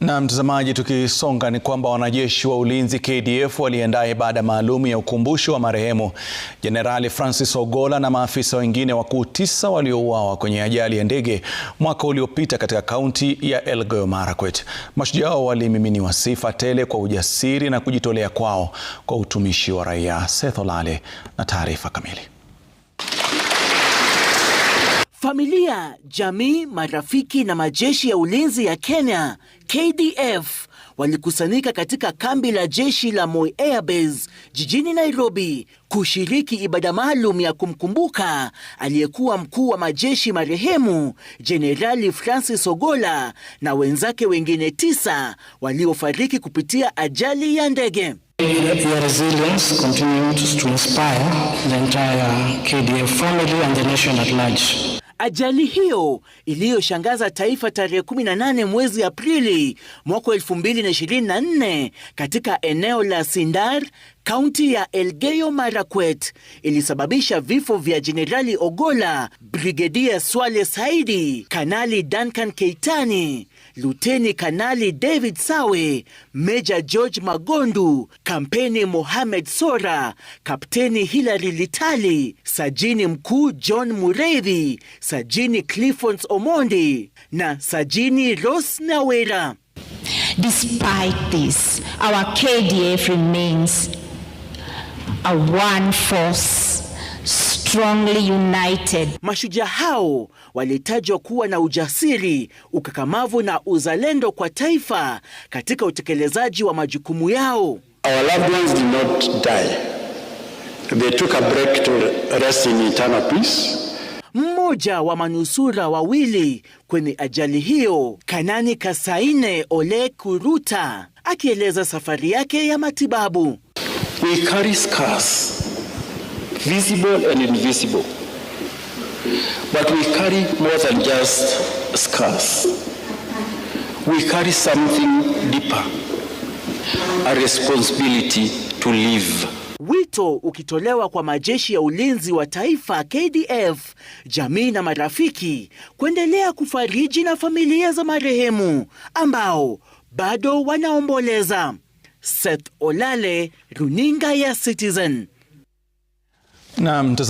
Na mtazamaji, tukisonga ni kwamba wanajeshi wa ulinzi KDF waliandaa ibada maalum ya ukumbusho wa marehemu Jenerali Francis Ogolla na maafisa wengine wakuu tisa waliouawa kwenye ajali ya ndege mwaka uliopita katika kaunti ya Elgeyo Marakwet. Mashujaa hao walimiminiwa sifa tele kwa ujasiri na kujitolea kwao kwa utumishi wa raia. Seth Olale na taarifa kamili. Familia, jamii, marafiki na majeshi ya ulinzi ya Kenya KDF walikusanyika katika kambi la jeshi la Moi Air jijini Nairobi kushiriki ibada maalum ya kumkumbuka aliyekuwa mkuu wa majeshi marehemu Jenerali Francis Ogola na wenzake wengine tisa waliofariki kupitia ajali ya ndege. Your resilience continues to inspire the entire KDF family and the nation at large. Ajali hiyo iliyoshangaza taifa tarehe 18 mwezi Aprili mwaka 2024 katika eneo la Sindar, kaunti ya Elgeyo Marakwet ilisababisha vifo vya Jenerali ogola Brigedia Swale Saidi, Kanali Duncan keitani Luteni Kanali David Sawe, Meja George Magondu, Kampeni Mohamed Sora, Kapteni Hilary Litali, Sajini Mkuu John Murevi, Sajini Cliffons Omondi na Sajini ros Nawera. Despite this, our KDF remains a one force strongly united. Mashujaa hao walitajwa kuwa na ujasiri, ukakamavu na uzalendo kwa taifa katika utekelezaji wa majukumu yao. Our loved ones did not die. They took a break to rest in eternal peace. Mmoja wa manusura wawili kwenye ajali hiyo, Kanani Kasaine Ole Kuruta, akieleza safari yake ya matibabu. We carry scars visible and invisible. But we carry more than just scars. We carry something deeper, a responsibility to live. Wito ukitolewa kwa majeshi ya ulinzi wa taifa KDF, jamii na marafiki kuendelea kufariji na familia za marehemu ambao bado wanaomboleza. Seth Olale, Runinga ya Citizen. um, does